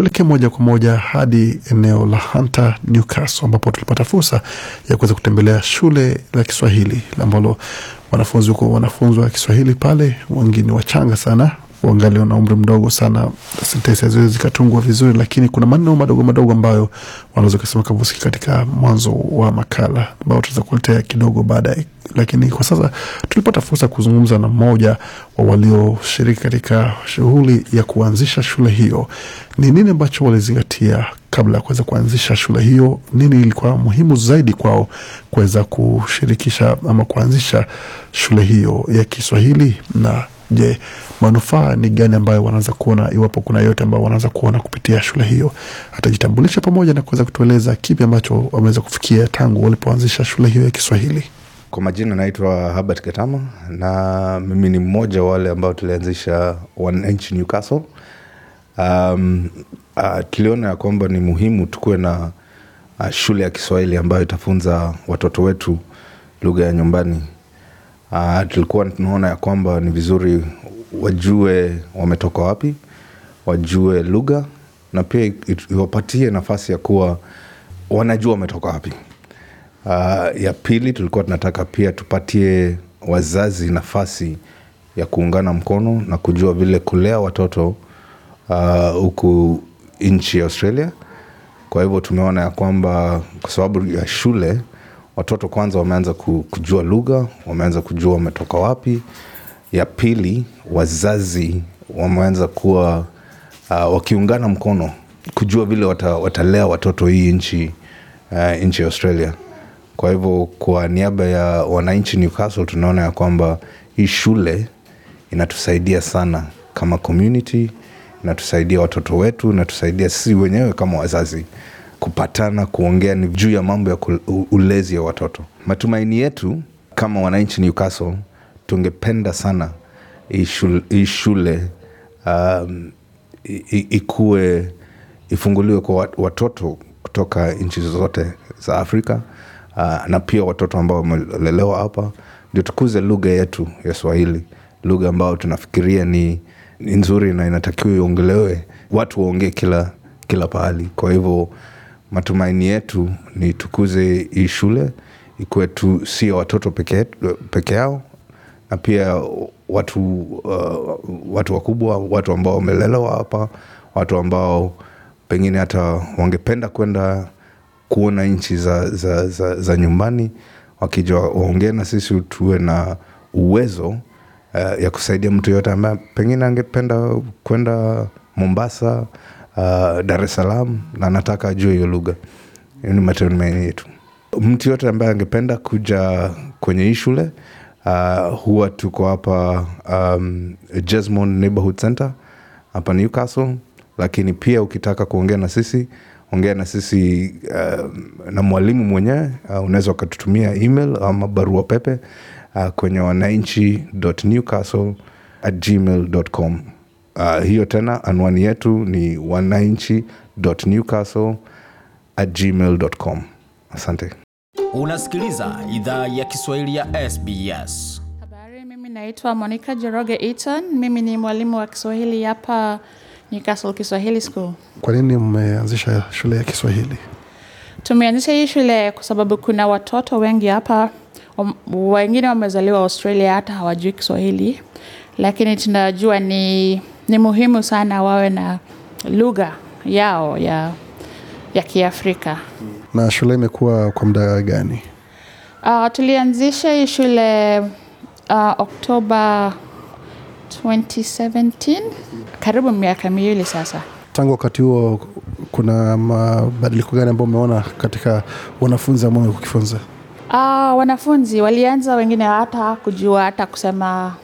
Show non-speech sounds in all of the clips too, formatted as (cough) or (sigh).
Tuelekee moja kwa moja hadi eneo la Hunter Newcastle, ambapo tulipata fursa ya kuweza kutembelea shule la Kiswahili ambalo wanafunzi huko wanafunzwa Kiswahili pale, wengine wachanga sana wangali na umri mdogo sana, sentensi haziwezi zikatungwa vizuri, lakini kuna maneno madogo madogo ambayo wanaweza kusema kavuski katika mwanzo wa makala ambao tutaweza kuletea kidogo baadaye. Lakini kwa sasa tulipata fursa ya kuzungumza na mmoja wa walioshiriki katika shughuli ya kuanzisha shule hiyo. Ni nini ambacho walizingatia kabla ya kuweza kuanzisha shule hiyo? Nini ilikuwa muhimu zaidi kwao kuweza kushirikisha ama kuanzisha shule hiyo ya Kiswahili na Je, manufaa ni gani ambayo wanaweza kuona, iwapo kuna yote ambayo wanaweza kuona kupitia shule hiyo? Atajitambulisha pamoja na kuweza kutueleza kipi ambacho wameweza kufikia tangu walipoanzisha shule hiyo ya Kiswahili. Kwa majina naitwa Herbert Katama na mimi ni mmoja wa wale ambao tulianzisha wananchi Newcastle. Um, uh, tuliona ya kwamba ni muhimu tukuwe na uh, shule ya Kiswahili ambayo itafunza watoto wetu lugha ya nyumbani uh, tulikuwa tunaona ya kwamba ni vizuri wajue wametoka wapi wajue lugha na pia iwapatie nafasi ya kuwa wanajua wametoka wapi uh, ya pili tulikuwa tunataka pia tupatie wazazi nafasi ya kuungana mkono na kujua vile kulea watoto ah, huku uh, nchi ya australia kwa hivyo tumeona ya kwamba kwa sababu ya shule watoto kwanza wameanza kujua lugha, wameanza kujua wametoka wapi. Ya pili, wazazi wameanza kuwa uh, wakiungana mkono kujua vile wata, watalea watoto hii nchi uh, nchi ya Australia. Kwa hivyo kwa niaba ya wananchi Newcastle, tunaona ya kwamba hii shule inatusaidia sana kama community, inatusaidia watoto wetu, inatusaidia sisi wenyewe kama wazazi kupatana, kuongea ni juu ya mambo ya ulezi ya watoto. Matumaini yetu kama wananchi Newcastle, tungependa sana hii shule, shule um, ikuwe ifunguliwe kwa watoto kutoka nchi zote za Afrika uh, na pia watoto ambao wamelelewa hapa, ndio tukuze lugha yetu ya Swahili, lugha ambayo tunafikiria ni nzuri na inatakiwa iongelewe, watu waongee kila kila pahali. Kwa hivyo matumaini yetu ni tukuze hii shule ikuwe tu sio watoto peke, peke yao na pia watu uh, watu wakubwa watu ambao wamelelewa hapa watu ambao pengine hata wangependa kwenda kuona nchi za, za, za, za nyumbani wakija waongee na sisi tuwe na uwezo uh, ya kusaidia mtu yoyote ambaye pengine angependa kwenda mombasa uh, Dar es Salaam na nataka ajue hiyo lugha. Hiyo ni matumaini yetu. Mtu yote ambaye angependa kuja kwenye hii shule uh, huwa tuko hapa um, Jesmond Neighborhood Center hapa Newcastle, lakini pia ukitaka kuongea na sisi ongea na sisi uh, na mwalimu mwenyewe uh, unaweza ukatutumia email ama barua pepe uh, kwenye wananchi.newcastle at gmail.com. Uh, hiyo tena anwani yetu ni wananchi.newcastle at gmail.com. Asante. Unasikiliza idhaa ya Kiswahili ya SBS. Habari, mimi naitwa Monica Jeroge Eaton. Mimi ni mwalimu wa Kiswahili hapa Newcastle Kiswahili School. Kwa nini mmeanzisha shule ya Kiswahili? Tumeanzisha hii shule kwa sababu kuna watoto wengi hapa, wengine wamezaliwa Australia, hata hawajui Kiswahili, lakini tunajua ni ni muhimu sana wawe na lugha yao ya, ya Kiafrika. Na shule imekuwa kwa muda gani? Uh, tulianzisha hii shule uh, Oktoba 2017, karibu miaka miwili sasa. Tangu wakati huo kuna mabadiliko gani ambayo umeona katika wanafunzi ambao kukifunza? Uh, ah, wanafunzi walianza wengine hata kujua hata kusema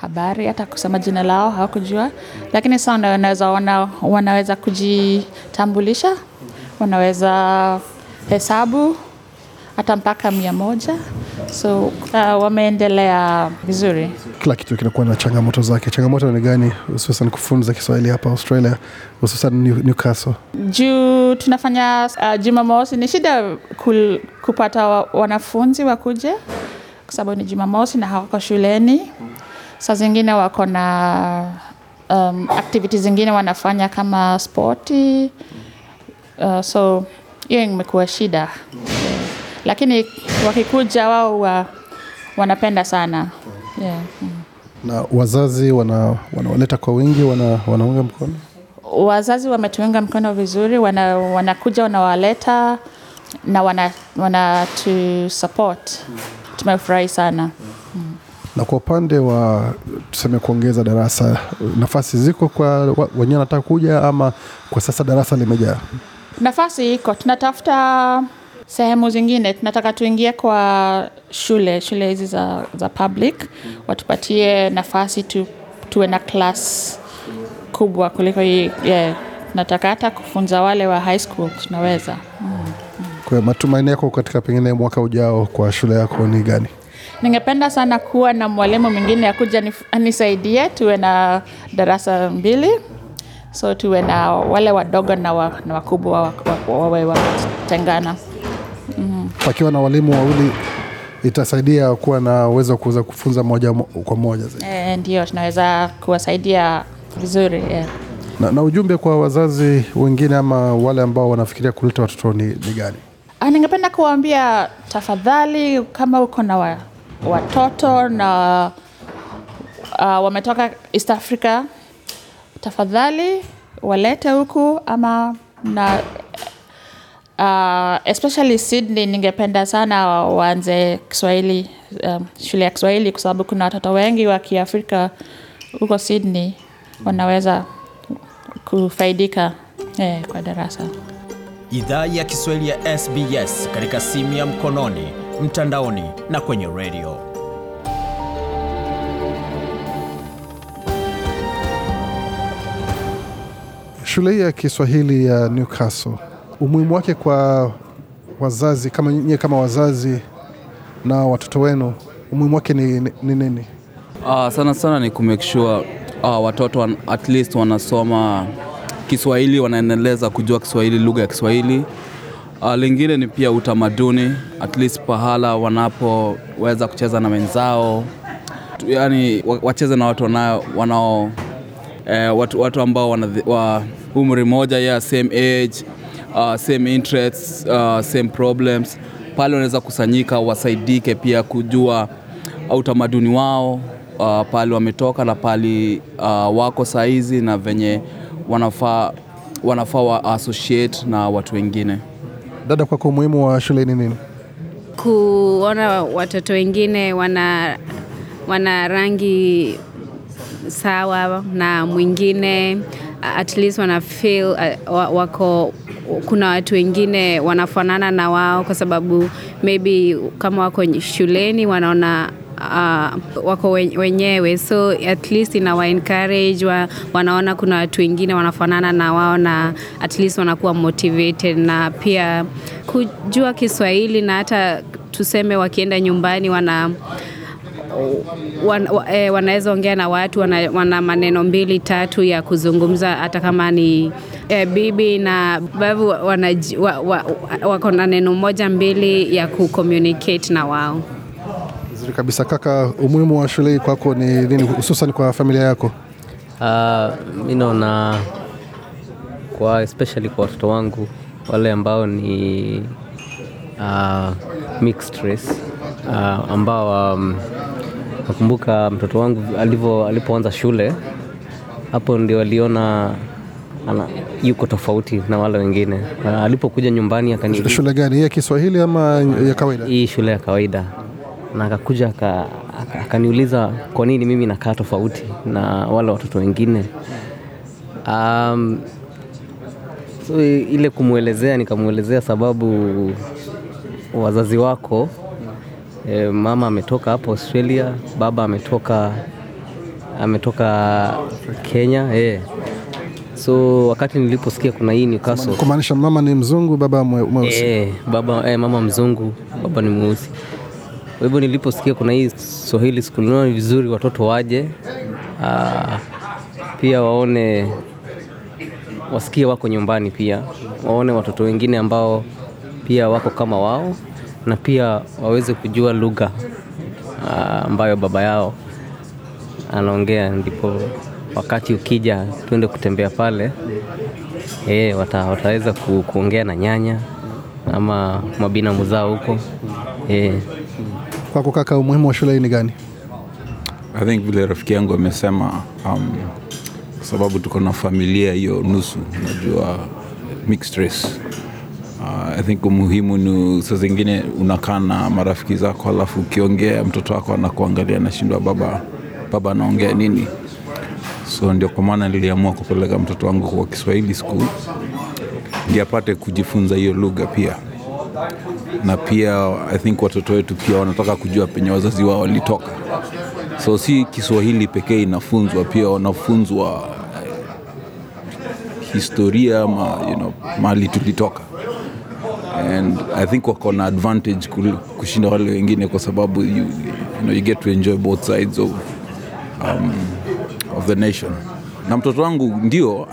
habari, hata kusema jina lao hawakujua, lakini sasa wanaweza, wana, wanaweza kujitambulisha, wanaweza hesabu hata mpaka mia moja. So uh, wameendelea vizuri. Kila kitu kinakuwa na changamoto zake. Changamoto ni gani, hususan kufunza Kiswahili hapa Australia, hususan Newcastle? Juu tunafanya uh, Jumamosi, ni shida kupata wanafunzi wakuje kwa sababu ni Jumamosi na hawako shuleni saa zingine wako na um, activities zingine wanafanya kama spoti uh, so hiyo imekuwa shida yeah. Lakini wakikuja wao wa, wanapenda sana yeah. Na wazazi wanawaleta wana kwa wingi, wana, wanaunga mkono wazazi wametuunga mkono vizuri, wana, wanakuja wanawaleta na wanatu wana support. Tumefurahi sana. Na kwa upande wa tuseme kuongeza darasa, nafasi ziko kwa wenyewe wanataka kuja, ama kwa sasa darasa limejaa? Nafasi iko, tunatafuta sehemu zingine, tunataka tuingie kwa shule shule hizi za, za public watupatie nafasi tu, tuwe na class kubwa kuliko hii yeah. Nataka hata kufunza wale wa high school tunaweza. Mm. Kwa matumaini yako katika pengine mwaka ujao kwa shule yako ni gani? Ningependa sana kuwa na mwalimu mwingine akuja anisaidie tuwe na darasa mbili. So tuwe na wale wadogo na wakubwa wawe wametengana. Mm-hmm. wakiwa na walimu wawili itasaidia kuwa na uwezo wa kuweza kufunza moja kwa moja zaidi. E, ndio tunaweza kuwasaidia vizuri yeah. Na, na ujumbe kwa wazazi wengine ama wale ambao wanafikiria kuleta watoto ni, ni gani? Ah, ningependa kuwaambia tafadhali, kama uko na watoto na uh, wametoka East Africa, tafadhali walete huku ama na uh, especially Sydney, ningependa sana waanze Kiswahili um, shule ya Kiswahili kwa sababu kuna watoto wengi wa Kiafrika huko Sydney wanaweza kufaidika eh, kwa darasa. Idhaa ya Kiswahili ya SBS katika simu ya mkononi mtandaoni na kwenye redio. Shule hii ya Kiswahili ya Newcastle, umuhimu wake kwa wazazi kama nyie, kama wazazi na watoto wenu, umuhimu wake ni, ni, ni nini? Uh, sana sana ni kumake sure uh, watoto at least wanasoma Kiswahili, wanaendeleza kujua Kiswahili, lugha ya Kiswahili Uh, lingine ni pia utamaduni, at least pahala wanapoweza kucheza na wenzao, yani wacheze na watu wanao, wanao eh, watu, watu ambao wana wa umri moja, ya yeah, same age uh, same interests uh, same problems. Pale wanaweza kusanyika wasaidike pia kujua utamaduni wao uh, pale wametoka na pale uh, wako saizi na venye wanafaa wanafaa wa associate na watu wengine. Dada, kwako umuhimu wa shule ni nini? Kuona watoto wengine wana, wana rangi sawa na mwingine at least wana feel uh, wako kuna watu wengine wanafanana na wao, kwa sababu maybe kama wako shuleni wanaona uh, wako wenyewe, so at least inawa encourage wa, wanaona kuna watu wengine wanafanana na wao na at least wanakuwa motivated, na pia kujua Kiswahili na hata tuseme wakienda nyumbani wana wan, eh, wanaweza ongea na watu wana, wana maneno mbili tatu ya kuzungumza hata kama ni eh, bibi na babu wako na neno moja mbili ya kucommunicate na wao. Vizuri kabisa kaka, umuhimu wa shule hii kwako ni nini, hususan kwa familia yako? Uh, mi naona kwa especially kwa watoto wangu wale ambao ni uh, mixed race uh, ambao um, nakumbuka mtoto wangu alivyo alipoanza shule hapo ndio aliona ana, yuko tofauti na wale wengine. Alipokuja nyumbani akani shule gani ya Kiswahili ama ya kawaida? Hii shule ya kawaida na akakuja akaniuliza kwa nini mimi nakaa tofauti na wale watoto wengine. Um, so ile kumwelezea, nikamwelezea sababu wazazi wako e, mama ametoka hapo Australia, baba ametoka ametoka Kenya e. So wakati niliposikia kuna hii Newcastle, kumaanisha mama ni mzungu, baba mweusi e, baba e, mama mzungu, baba ni mweusi. Kwa hivyo niliposikia kuna hii Swahili School naona ni vizuri watoto waje, aa, ah, pia waone, wasikie wako nyumbani, pia waone watoto wengine ambao pia wako kama wao, na pia waweze kujua lugha ah, ambayo baba yao anaongea, ndipo wakati ukija tuende kutembea pale e, wata, wataweza ku, kuongea na nyanya ama mabinamu zao huko e. Kwako kaka, umuhimu wa shule ni gani? I think vile rafiki yangu amesema, um, kwa sababu tuko na familia hiyo nusu, unajua mixed race. Uh, I think umuhimu ni saa zingine unakaa na marafiki zako, alafu ukiongea mtoto wako anakuangalia nashindwa, baba baba anaongea nini? So ndio kwa maana niliamua kupeleka mtoto wangu kwa Kiswahili school ndi apate kujifunza hiyo lugha pia na pia I think watoto wetu pia wanataka kujua penye wazazi wao walitoka, so si Kiswahili pekee inafunzwa, pia wanafunzwa eh, historia ma, you know, mali tulitoka and I think wako na advantage kushinda wale wengine kwa sababu you, you, know, you get to enjoy both sides of, um, of the nation na mtoto wangu ndio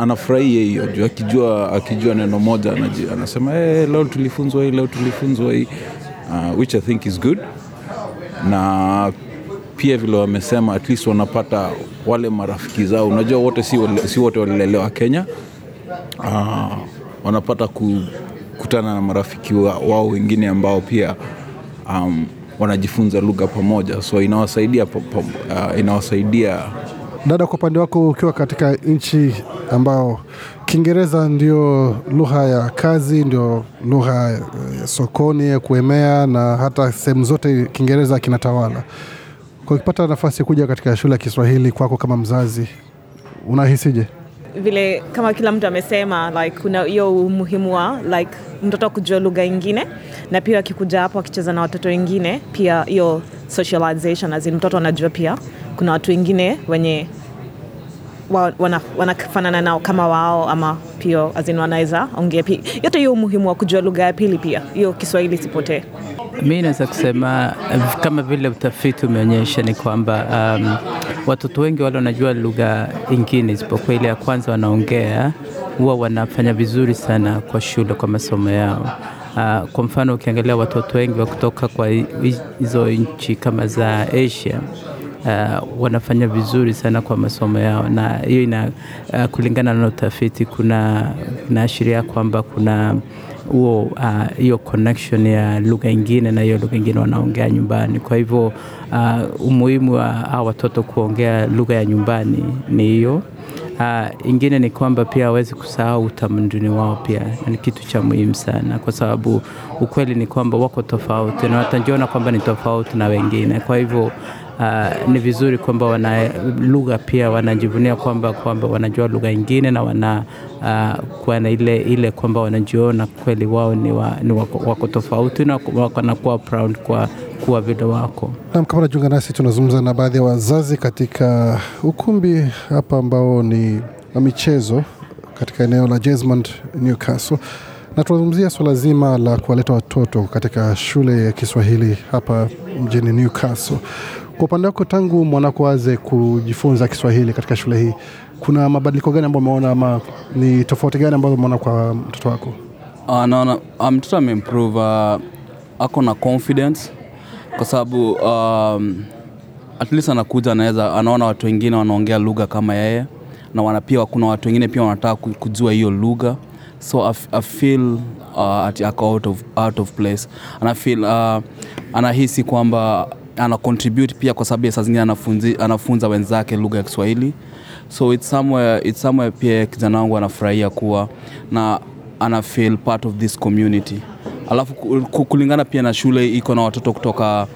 anafurahia hiyo juu akijua, akijua neno moja anasema hey, eh, leo tulifunzwa hii, leo tulifunzwa hii uh, which I think is good na pia vile wamesema at least wanapata wale marafiki zao, unajua wote si, si wote walilelewa Kenya. Uh, wanapata kukutana na marafiki wa, wao wengine ambao pia um, wanajifunza lugha pamoja, so inawasaidia, uh, inawasaidia Dada, kwa upande wako ukiwa katika nchi ambao Kiingereza ndio lugha ya kazi, ndio lugha ya sokoni ya kuemea, na hata sehemu zote Kiingereza kinatawala. Kwa ukipata nafasi kuja katika shule ya Kiswahili kwako kama mzazi, unahisije? Vile kama kila mtu amesema, like kuna hiyo umuhimu wa like mtoto kujua lugha ingine, na pia akikuja hapo akicheza na watoto wengine, pia hiyo socialization, as in mtoto anajua pia kuna watu wengine wenye wanafanana wana nao kama wao ama pio azin wanaweza ongea pia. Yote hiyo umuhimu wa kujua lugha ya pili pia, hiyo Kiswahili isipotee. Mi naweza kusema eh, kama vile utafiti umeonyesha ni kwamba um, watoto wengi wale wanajua lugha ingine isipokuwa ile ya kwanza wanaongea, huwa wanafanya vizuri sana kwa shule, kwa masomo yao. Uh, kwa mfano ukiangalia watoto wengi wa kutoka kwa hizo nchi kama za Asia uh, wanafanya vizuri sana kwa masomo yao, na hiyo ina uh, kulingana na utafiti kuna inaashiria kwamba kuna huo eh, hiyo uh, connection ya lugha ingine na hiyo lugha ingine wanaongea nyumbani. Kwa hivyo uh, umuhimu wa hawa watoto kuongea lugha ya nyumbani ni hiyo. Uh, ingine ni kwamba pia hawezi kusahau utamaduni wao, pia ni kitu cha muhimu sana, kwa sababu ukweli ni kwamba wako tofauti na watajiona kwamba ni tofauti na wengine. Kwa hivyo uh, ni vizuri kwamba wana lugha pia wanajivunia kwamba kwamba wanajua lugha ingine na wana uh, ah, kwa na ile, ile kwamba wanajiona kweli wao ni, wa, ni wako, wako tofauti na wanakuwa proud kwa kuwa vile wako. Naam, kama najiunga nasi, tunazungumza na baadhi ya wazazi katika ukumbi hapa ambao ni wa michezo katika eneo la Jesmond Newcastle na tunazungumzia swala zima la kuwaleta watoto katika shule ya Kiswahili hapa mjini Newcastle. Kwa upande wako, tangu mwanako aanze kujifunza Kiswahili katika shule hii, kuna mabadiliko gani ambayo umeona ama ni tofauti gani ambazo umeona kwa mtoto wako? Uh, naona ah, mtoto ameimprove uh, ah, ako na confidence kwa sababu um, at least anakuja, anaweza anaona watu wengine wanaongea lugha kama yeye na wana pia kuna watu wengine pia wanataka kujua hiyo lugha so I, I feel uh, at, ako out of, out of place and I feel uh, anahisi kwamba ana contribute pia kwa sababu saa zingine anafunza wenzake lugha ya Kiswahili, so it's somewhere, it's somewhere pia kijana wangu anafurahia kuwa na ana feel part of this community. Alafu kulingana pia na shule iko na watoto kutoka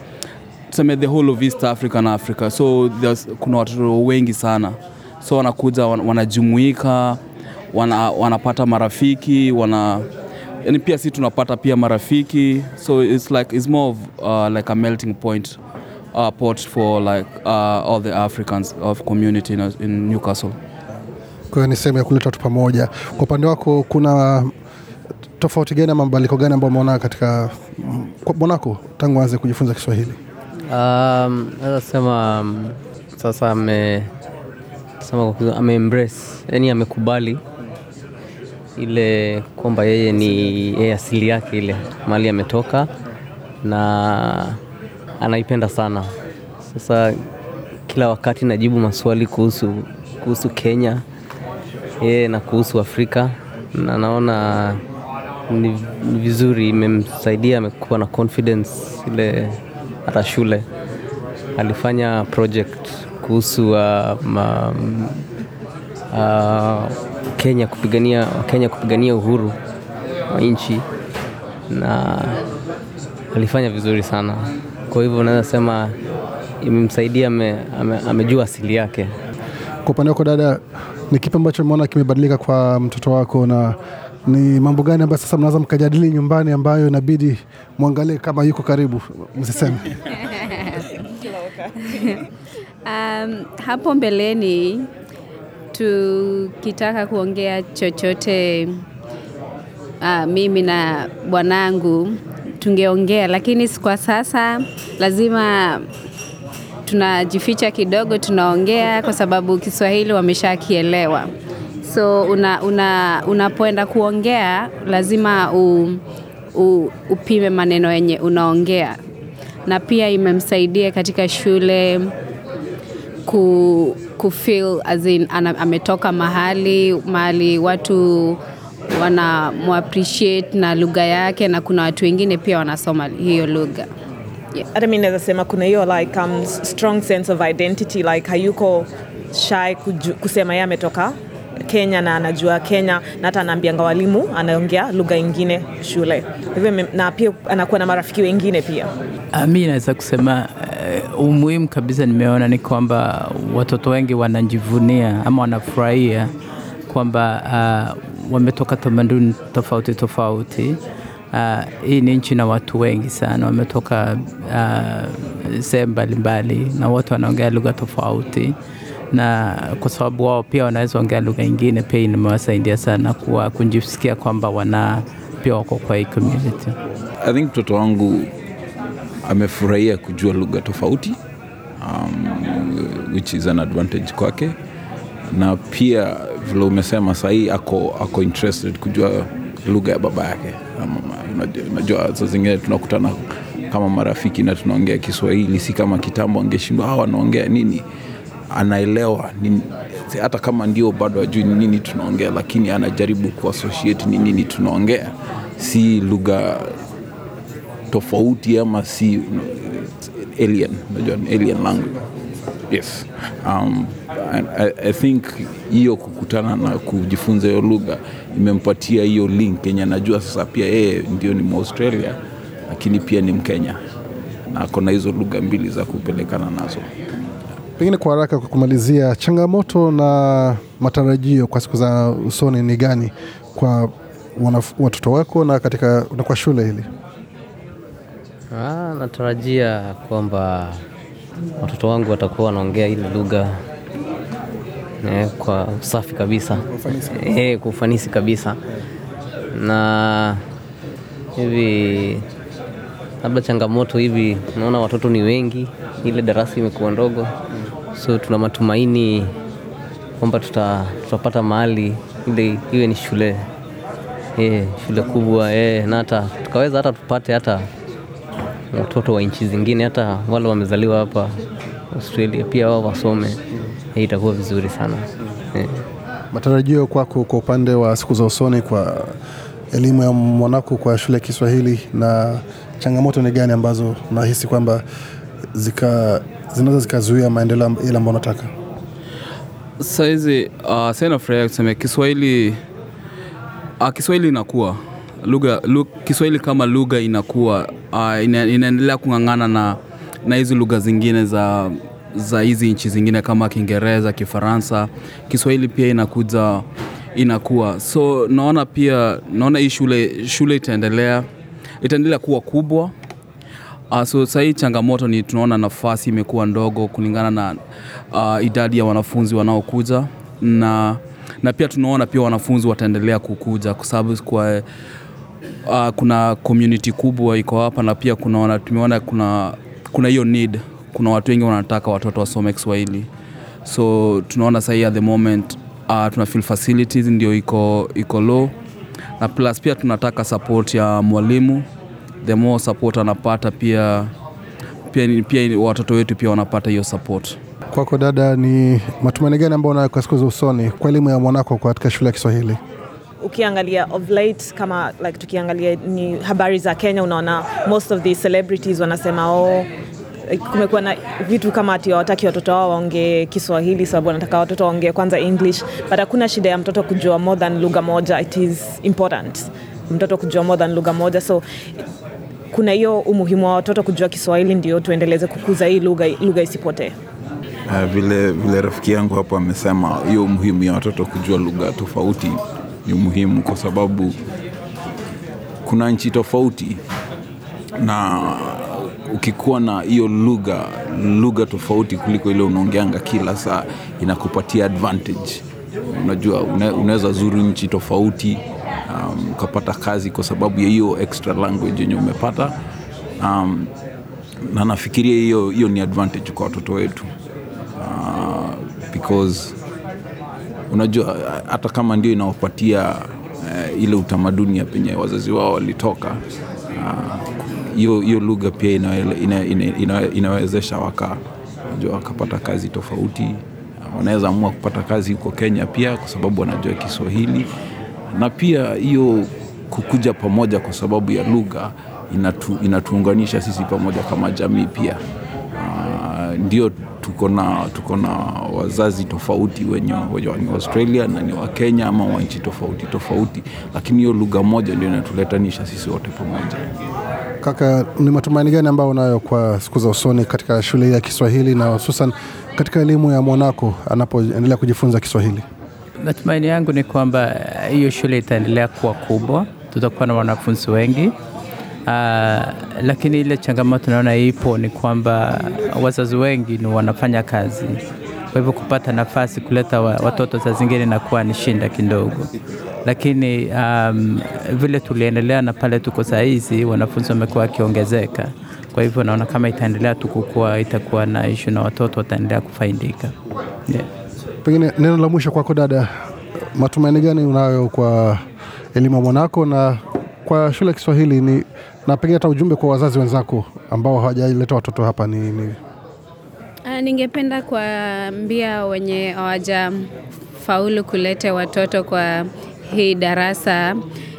tuseme the whole of East Africa na Africa, so kuna watoto wengi sana, so wanakuja wanajumuika, wana, wanapata marafiki wana yani pia si tunapata pia marafiki so it's like, it's more of, uh, like a melting point uh, port for like uh, all the Africans of community in Newcastle. Kwa hiyo ni sehemu ya kuleta watu pamoja. Kwa upande wako kuna tofauti gani ama mabadiliko gani ambayo umeona katika Monaco tangu aanze kujifunza Kiswahili? Um, naweza sema um, sasa ame sema ame embrace, yani amekubali ile kwamba yeye ni yeye asili yake ile mali ametoka na anaipenda sana. Sasa kila wakati najibu maswali kuhusu, kuhusu Kenya yeye na kuhusu Afrika na naona ni vizuri, imemsaidia amekuwa na confidence ile. Hata shule alifanya project kuhusu uh, ma, uh, Kenya kupigania, Kenya kupigania uhuru wa nchi na alifanya vizuri sana. Kwa hivyo naweza sema imemsaidia, amejua asili yake. Kwa upande wako dada, ni kipi ambacho umeona kimebadilika kwa mtoto wako na ni mambo gani ambayo sasa mnaweza mkajadili nyumbani ambayo inabidi mwangalie kama yuko karibu msiseme? (laughs) Um, hapo mbeleni tukitaka kuongea chochote, uh, mimi na bwanangu tungeongea, lakini kwa sasa lazima tunajificha kidogo, tunaongea kwa sababu Kiswahili wameshakielewa. So una, una, unapoenda kuongea lazima u, u, upime maneno yenye unaongea, na pia imemsaidia katika shule ku, kufeel as in, ana, ametoka mahali mahali watu wanamappreciate na lugha yake, na kuna watu wengine pia wanasoma hiyo lugha yeah. Hata mi naweza sema kuna hiyo like um, strong sense of identity like hayuko shy kuju, kusema yeye ametoka Kenya na anajua Kenya na hata anaambianga walimu anaongea lugha ingine shule hivyo, na pia anakuwa na marafiki wengine pia. Ah, mi naweza kusema eh, umuhimu kabisa nimeona ni kwamba watoto wengi wanajivunia ama wanafurahia kwamba ah, wametoka tamaduni tofauti tofauti. Uh, hii ni nchi na watu wengi sana wametoka uh, sehemu mbalimbali, na wote wanaongea lugha tofauti, na kwa sababu wao pia wanaweza ongea lugha ingine pia inamewasaidia sana kuwa kujisikia kwamba wana pia wako kwa hii community. I think mtoto wangu amefurahia kujua lugha tofauti um, which is an advantage kwake na pia vile umesema sahii ako, ako interested kujua lugha ya baba yake unajua, unajua saa zingine tunakutana kama marafiki na tunaongea Kiswahili, si kama kitambo angeshindwa hawa ah, wanaongea nini, anaelewa nini, hata kama ndio bado ajui ni nini tunaongea, lakini anajaribu kuassociate ni nini tunaongea, si lugha tofauti ama si eh, alien, unajua alien language. Yes. Um, I, I think hiyo kukutana na kujifunza hiyo lugha imempatia hiyo link yenye najua sasa pia yeye ndio ni Mwaustralia lakini pia ni Mkenya na akona hizo lugha mbili za kupelekana nazo. Pengine kwa haraka, kwa kumalizia, changamoto na matarajio kwa siku za usoni ni gani kwa watoto wako na katika na kwa shule hili? Ah, natarajia kwamba watoto wangu watakuwa wanaongea ile lugha eh, kwa usafi kabisa, kwa ufanisi eh, kabisa na hivi labda changamoto hivi, unaona watoto ni wengi, ile darasa imekuwa ndogo, so tuna matumaini kwamba tuta, tutapata mahali ile iwe ni shule eh, shule kubwa eh, na hata tukaweza hata tupate hata watoto wa nchi zingine, hata wale wamezaliwa hapa Australia pia wao wasome. Hii itakuwa vizuri sana yeah. Matarajio kwako kwa upande wa siku za usoni kwa elimu ya mwanako kwa shule ya Kiswahili na changamoto ni gani ambazo unahisi kwamba zika, zinaweza zikazuia maendeleo ile ambayo unataka sahizi Uh, ah, sana nafurahia kusema Kiswahili uh, Kiswahili inakuwa lugha Kiswahili kama lugha inakuwa uh, inaendelea kung'ang'ana na na hizi lugha zingine za za hizi nchi zingine kama Kiingereza, Kifaransa, Kiswahili pia inakuja inakuwa. So naona pia naona hii shule shule itaendelea itaendelea kuwa kubwa. Uh, so hii changamoto ni tunaona nafasi imekuwa ndogo kulingana na uh, idadi ya wanafunzi wanaokuja na na pia tunaona pia wanafunzi wataendelea kukuja kwa sababu kwa uh, kuna community kubwa iko hapa na pia kuna, tumeona kuna kuna hiyo need, kuna watu wengi wanataka watoto wasome Kiswahili, so tunaona sahii at the moment uh, tuna feel facilities ndio iko, iko low na plus pia tunataka support ya mwalimu. The more support anapata pia, pia, pia watoto wetu pia wanapata hiyo support. Kwako dada, ni matumaini gani ambayo unayo kwa siku za usoni kwa elimu ya mwanako katika shule ya Kiswahili? ukiangalia of late kama like tukiangalia ni habari za Kenya, unaona most of the celebrities wanasema oh, kumekuwa na vitu kama ati hawataki watoto wao waongee Kiswahili sababu wanataka watoto waongee kwanza English, but hakuna shida ya mtoto kujua more than lugha moja. It is important mtoto kujua more than lugha moja, so kuna hiyo umuhimu wa watoto kujua Kiswahili, ndio tuendeleze kukuza hii lugha, lugha isipotee. Uh, ah, vile, vile rafiki yangu hapo amesema hiyo umuhimu ya watoto kujua lugha tofauti ni muhimu kwa sababu kuna nchi tofauti na ukikuwa na hiyo lugha lugha tofauti kuliko ile unaongeanga kila saa inakupatia advantage unajua unaweza zuru nchi tofauti um, ukapata um, kazi kwa sababu ya hiyo extra language yenye umepata um, na nafikiria hiyo hiyo ni advantage kwa watoto wetu uh, because unajua hata kama ndio inaopatia uh, eh, ile utamaduni ya penye wazazi wao walitoka ah, hiyo uh, lugha pia inawezesha ina, ina, ina, ina waka wakapata kazi tofauti wanaweza amua kupata kazi huko Kenya pia kwa sababu wanajua Kiswahili na pia hiyo kukuja pamoja kwa sababu ya lugha inatu, inatuunganisha sisi pamoja kama jamii pia uh, ndio tuko na tuko na wazazi tofauti wenye, wenye ni Australia na ni Wakenya ama wa nchi tofauti tofauti, lakini hiyo lugha moja ndio inatuletanisha sisi wote pamoja. Kaka, ni matumaini gani ambayo unayo kwa siku za usoni katika shule hii ya Kiswahili na hususan katika elimu ya mwanako anapoendelea kujifunza Kiswahili? Matumaini yangu ni kwamba hiyo shule itaendelea kuwa kubwa, tutakuwa na wanafunzi wengi Uh, lakini ile changamoto naona ipo ni kwamba wazazi wengi ni wanafanya kazi, kwa hivyo kupata nafasi kuleta watoto saa zingine inakuwa ni shinda kidogo, lakini um, vile tuliendelea na pale tuko saa hizi wanafunzi wamekuwa wakiongezeka, kwa hivyo naona kama itaendelea tukukua itakuwa na ishu na watoto wataendelea kufaidika yeah. Pengine neno la mwisho kwako dada, matumaini gani unayo kwa elimu ya mwanako na kwa shule ya Kiswahili ni na pengine hata ujumbe kwa wazazi wenzako ambao hawajaleta watoto hapa ni, ni... Ah, ningependa kuambia wenye hawajafaulu kuleta watoto kwa hii darasa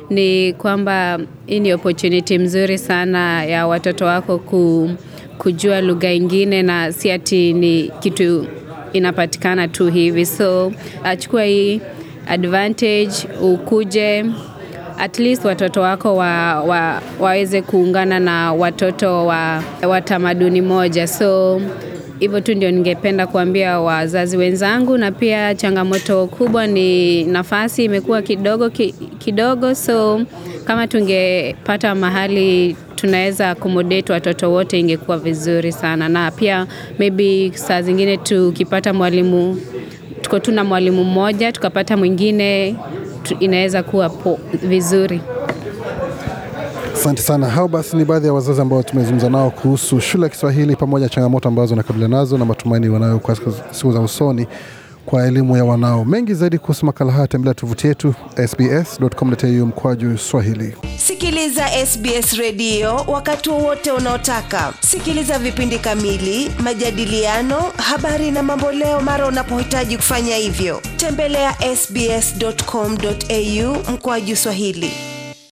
ni kwamba hii ni opportunity mzuri sana ya watoto wako ku, kujua lugha ingine, na si ati ni kitu inapatikana tu hivi, so achukua hii advantage ukuje at least watoto wako wa, wa, waweze kuungana na watoto wa, wa tamaduni moja. So hivyo tu ndio ningependa kuambia wazazi wenzangu, na pia changamoto kubwa ni nafasi imekuwa kidogo kidogo, so kama tungepata mahali tunaweza accommodate watoto wote ingekuwa vizuri sana, na pia maybe saa zingine tukipata mwalimu, tuko tuna mwalimu mmoja tukapata mwingine inaweza kuwa po, vizuri. Asante sana. Hao basi ni baadhi ya wazazi ambao tumezungumza nao kuhusu shule ya Kiswahili pamoja na changamoto ambazo wanakabiliana nazo na matumaini wanayo kwa siku za usoni kwa elimu ya wanao. Mengi zaidi kuhusu makala haya, tembelea tovuti yetu sbs.com.au mkwaju Swahili. Sikiliza SBS redio wakati wowote unaotaka. Sikiliza vipindi kamili, majadiliano, habari na mamboleo mara unapohitaji kufanya hivyo. Tembelea sbs.com.au mkwaju Swahili.